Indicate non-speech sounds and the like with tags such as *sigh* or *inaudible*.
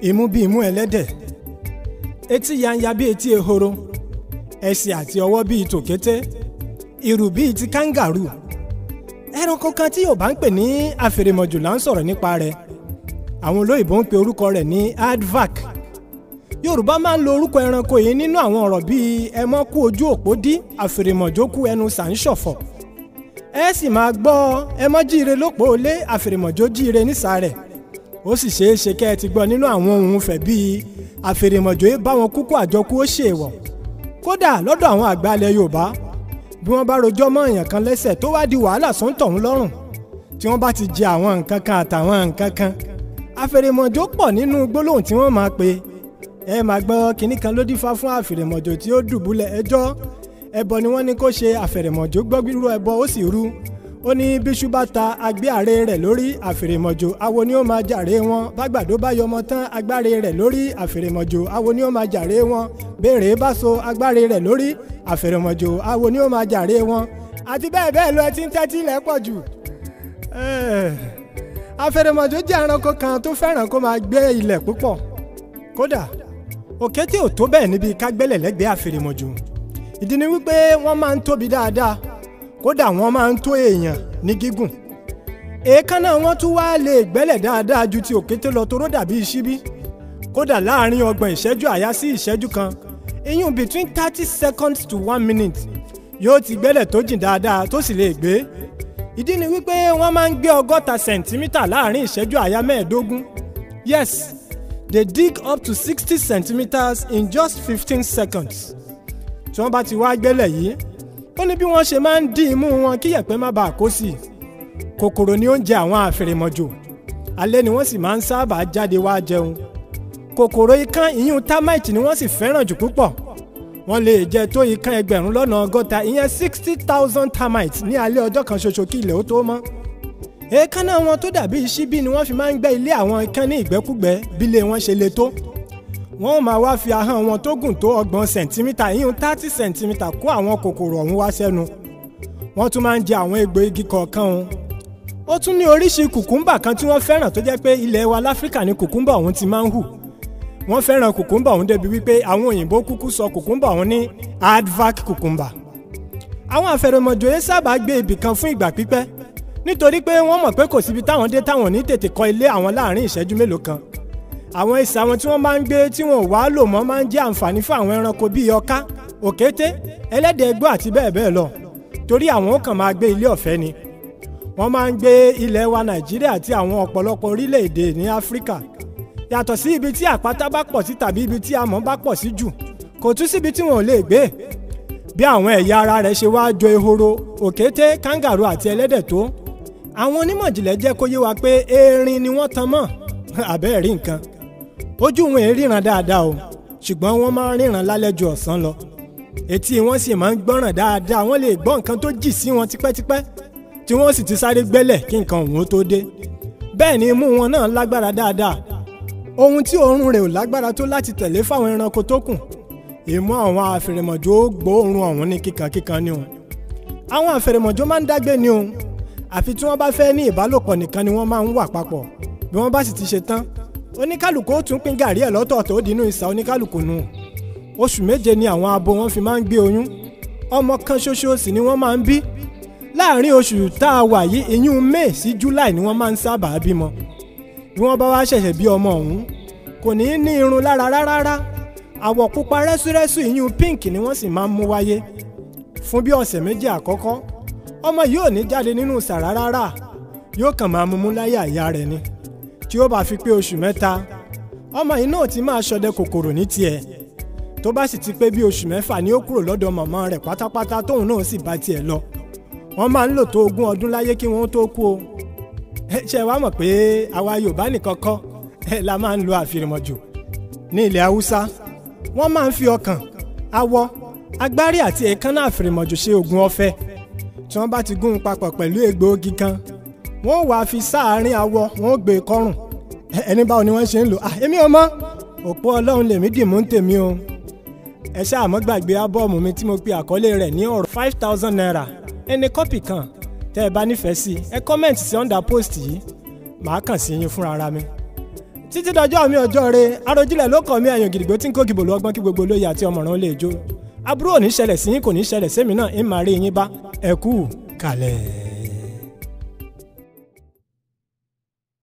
imú bí imú ẹlẹ́dẹ̀ etí yanya bí etí ehoro ẹsẹ̀ àti ọwọ́ bí tòkété ìrù bí ti káńgàrù ẹranko kan tí Yorùbá ń pè ní àfèrèmọ̀jù là ń sọ̀rọ̀ nípa rẹ̀ àwọn olóyìnbó ń pe orúkọ rẹ̀ ní advac Yorùbá máa ń lo orúkọ ẹranko yìí nínú àwọn ọ̀rọ̀ bíi ẹmọ́ kú ojú òpó dí àfèrèmọ̀jó kú ẹnu sàǹṣọ̀fọ̀ ẹ sì máa gbọ́ ẹmọ́ jíire lópòólé àfèrèmọ̀jó jíire nísàárẹ̀ ó sì ṣeé ṣe kẹ́ ẹ ti gbọ́ nínú àwọn ohun fẹ̀ bíi àfèrèmọ̀jòyé báwọn kúkú àjọkú ó ṣèwọ̀ kódà lọ́dọ̀ àwọn àgbà ilẹ̀ Yorùbá bí wọ́n bá rojọ́ mọ́ èèyàn kan lẹ́sẹ̀ tó wá di wàhálà sọ́ńtọ̀hún lọ́rùn tí wọ́n bá ti jẹ àwọn nǹkan kan àtàwọn nǹkan kan àfèrèmọ̀jò pọ̀ nínú gbólóhùn tí wọ́n máa pe ẹ máa gbọ́ kinní kan ló dífá fún àfèrèmọ̀jò tí ó dùbúlẹ̀ ẹjọ́ ẹbọ ni wọ́n ní kó ṣe àfèrèmọ̀jò gbọ́gbírú ẹbọ ó sì rú ó ní bíṣú bá ta agbé àre rẹ̀ lórí àfèrèmọ̀jò awo ni ó máa jàre wọn bágbàdo bá yọmọ tán agbáre rẹ̀ lórí àfèrèmọ̀jò awo ni ó máa jàre wọn béèrè bá so agbáre rẹ̀ lórí àfèrèmọ̀jò awo ni ó máa jàre wọn. àti bẹ́ẹ̀ bẹ́ẹ̀ lọ ẹ ti ń tẹ́tí ilẹ̀ pọ̀ jù. Eh, àfèrèmọ̀jò jẹ́ ẹranko kan tó fẹ́ràn kó máa gbé ilẹ̀ púpọ̀ kódà òkété ò tó bẹ́ẹ̀ níbi kágbélẹ̀ lẹ́gbẹ̀ẹ́ àfèrèmọ̀jò ìdí ni wípé wọ́n máa ń tóbi dáadáa kódà wọ́n máa ń tó èèyàn ní gígùn èékánná wọn tún wá lè gbẹ́lẹ̀ dáadáa ju ti òkété lọ toró dàbí ṣíbí kódà láàrin ọgbọ̀n ìṣẹ́jú àyá sí ìṣẹ́jú kan iyún between thirty seconds to one minute yóò ti gbẹ́lẹ̀ tó jìn dáadáa tó sì lè gbé ìdí ni wípé wọ́n máa ń gbé ọgọ́ta sẹ̀ǹtímítà láàrin ìṣẹ́jú àyá mẹ́ẹ̀ẹ́dógún yes they dig up to sixty centimeters in just fifteen seconds tí wọ́n bá ti wá gbẹ́lẹ̀ yìí ó ní bí wọ́n ṣe máa ń dín imú wọn kí yẹ̀pẹ̀ má bàa kó sí i kòkòrò ni oúnjẹ àwọn àfèrèmọ̀jò alẹ́ ni wọ́n sì máa ń sábà jáde wá jẹun kòkòrò ikán ìyún termite ni wọ́n sì fẹ́ràn jù púpọ̀ wọ́n lè jẹ tó ikán ẹgbẹ̀rún lọ́nà ọgọ́ta ìyẹn sixty thousand termites ní alẹ́ ọjọ́ kan ṣoṣo kí ilẹ̀ ó tó mọ́ èékánná wọn tó dàbí ṣíbí ni wọ́n fi máa ń gbẹ́ ilé àwọn ikán ní ìgbẹ́kúgbẹ́ bí ilé wọn ṣe le tó wọ́n ó máa wá fi ahọ́n wọn tó gùn tó ọgbọ̀n sẹ̀ǹtímítà yíyún thirty sẹ̀ǹtímítà kó àwọn kòkòrò ọ̀hún wá sẹ́nu wọ́n tún máa ń jẹ àwọn egbò igi kọ̀ọ̀kan òun ó tún ní oríṣi kùkúmbà kan tí wọ́n fẹ́ràn tó jẹ́ pé ilẹ̀ wa láfíríkà ni kùkúmbà òun ti máa ń hù wọ́n fẹ́ràn kùkúmbà òun débi wípé àwọn òyìnbó kúkú sọ kùkúmbà òun ní advac kùkúmbà àwọn àfẹ̀rẹ̀mọ̀jòyè sábà gbé ibì kan fún ìgbà pípẹ́ nítorí pé wọ́n mọ̀ pé kò síbi táwọn dé táwọn ní tètè kọ́ ilé àwọn láàrin ìṣẹ́jú mélòó kan àwọn ẹsẹ̀ àwọn tí wọ́n máa ń gbé tí wọn ò wá lò mọ́ máa ń jẹ́ àǹfààní fún àwọn ẹranko bíi ọká òkété ẹlẹ́dẹ̀ ẹgbọ́ àti bẹ́ẹ̀ bẹ́ẹ̀ lọ torí àwọn ó kàn máa gbé ilé ọ̀fẹ́ ni wọ́n máa ń gbé ilẹ̀ wa nàìjíríà àti àwọn ọ̀pọ̀lọpọ̀ orílẹ̀-èdè ní áfíríkà yàtọ̀ sí ibi tí àpáta bá pọ̀ sí tàbí ibi tí amọ̀ bá pọ̀ sí jù kò tún síbi tí wọn ò lè gbé erin ni wọ́n àbẹ́ẹ̀rí *laughs* nǹkan ojú wọn èé ríran dáadáa o ṣùgbọ́n wọ́n máa ń ríran lálẹ́ ju ọ̀sán lọ etí wọn sì máa ń gbọ́ràn dáadáa wọ́n lè gbọ́ nǹkan tó jì sí wọn tipẹ́tipẹ́ tí wọ́n sì ti sáré gbẹ́lẹ̀ kí nǹkan òun ó tó dé bẹ́ẹ̀ ni imú wọn náà lágbára dáadáa ohun tí òórùn rẹ̀ ò lágbára tó láti tẹ̀lé fáwọn ẹranko tó kù ìmú àwọn àfèrèmọ̀jò ó gbóòórùn ọ̀hún ní kíkankíkan ni o àwọn àfèrèmọ̀jò máa ń dágbé ni o àfi tí wọ́n bá fẹ́ ní ìbálòpọ̀ nìkan ni wọ́n máa ń wà papọ̀ bí wọ́n bá sì ti ṣe tán oníkálukú ó tún pín gàrí ẹ̀ lọ́tọ̀ọ̀tọ̀ ó dínú ìsà oníkálukú nù oṣù méje ni àwọn abo wọn fi máa ń gbé oyún ọmọ kan ṣoṣo sì ni wọ́n máa ń bí láàárín oṣù tá a wà yìí ìyún may sí july ni wọ́n máa ń sábà bímọ bí wọ́n bá wá ṣẹ̀ṣẹ̀ bí ọmọ ọ̀hún kò ní í ní irun lára rárá àwọ̀ pupa rẹ́súrẹ́sú ìyún pink ni wọ́n sì máa ń mú wáyé fún bí ọ̀sẹ̀ méjì àkọ́kọ́ ọmọ yìí ní jáde nínú sàrá rárá yóò kàn máa mumú láyé àyà rẹ̀ ni tí ó bá fi pé oṣù mẹ́ta ọmọ yìí náà ti máa ṣọdẹ kòkòrò ní tiẹ̀ tó bá sì ti pé bí oṣù mẹ́fà ni ó kúrò lọ́dọ̀ màmá rẹ̀ pátápátá tóun náà sì bá tiẹ̀ lọ wọ́n máa ń lò tó ogún ọdún láyé kí wọ́n tó kú o ṣe wá mọ̀ pé àwa Yorùbá nìkan kọ́ la máa ń lo àfìrìmọ̀jò ní ilẹ̀ Haúsá wọ́n máa ń fi ọkàn awọ agbárí àti èékánná àfìrìmọ̀jò ṣe oògùn ọ̀fẹ́ tí wọ́n bá ti gún un papọ̀ pẹ̀lú egbòogi kan wọ́n wàá fi sáàárín awọ wọ́n gbé e kọ́rùn ẹni báwo ni wọ́n ṣe ń lò à èmi ò mọ̀ òpó ọlọ́run lèmi dì mú ń tèmi o ẹ ṣáà mọ́ gbàgbé ábọ́ọ̀mù mi tí mo pe àkọlé rẹ̀ ní ọ̀rọ̀ five thousand naira ẹni kọ́pì kan tẹ́ ẹ bá nífẹ̀ẹ́ sí ẹ kọ́mẹ̀ntì sí under post yìí màá kàn sí yín fúnra ara mi títí dọjọ́ mi ọjọ́ re Àròjinlẹ̀ ló kàn mí ẹ̀yàn gidigbo tí ń kó gìbò lọ́gbọ́n kí gbogbo olóye àti ọmọràn lè jó aburú ò ní ṣẹlẹ̀ sí yín kò ní ṣẹlẹ̀ sẹ́mi náà ń máa rí yín bá ẹ kú kalẹ̀.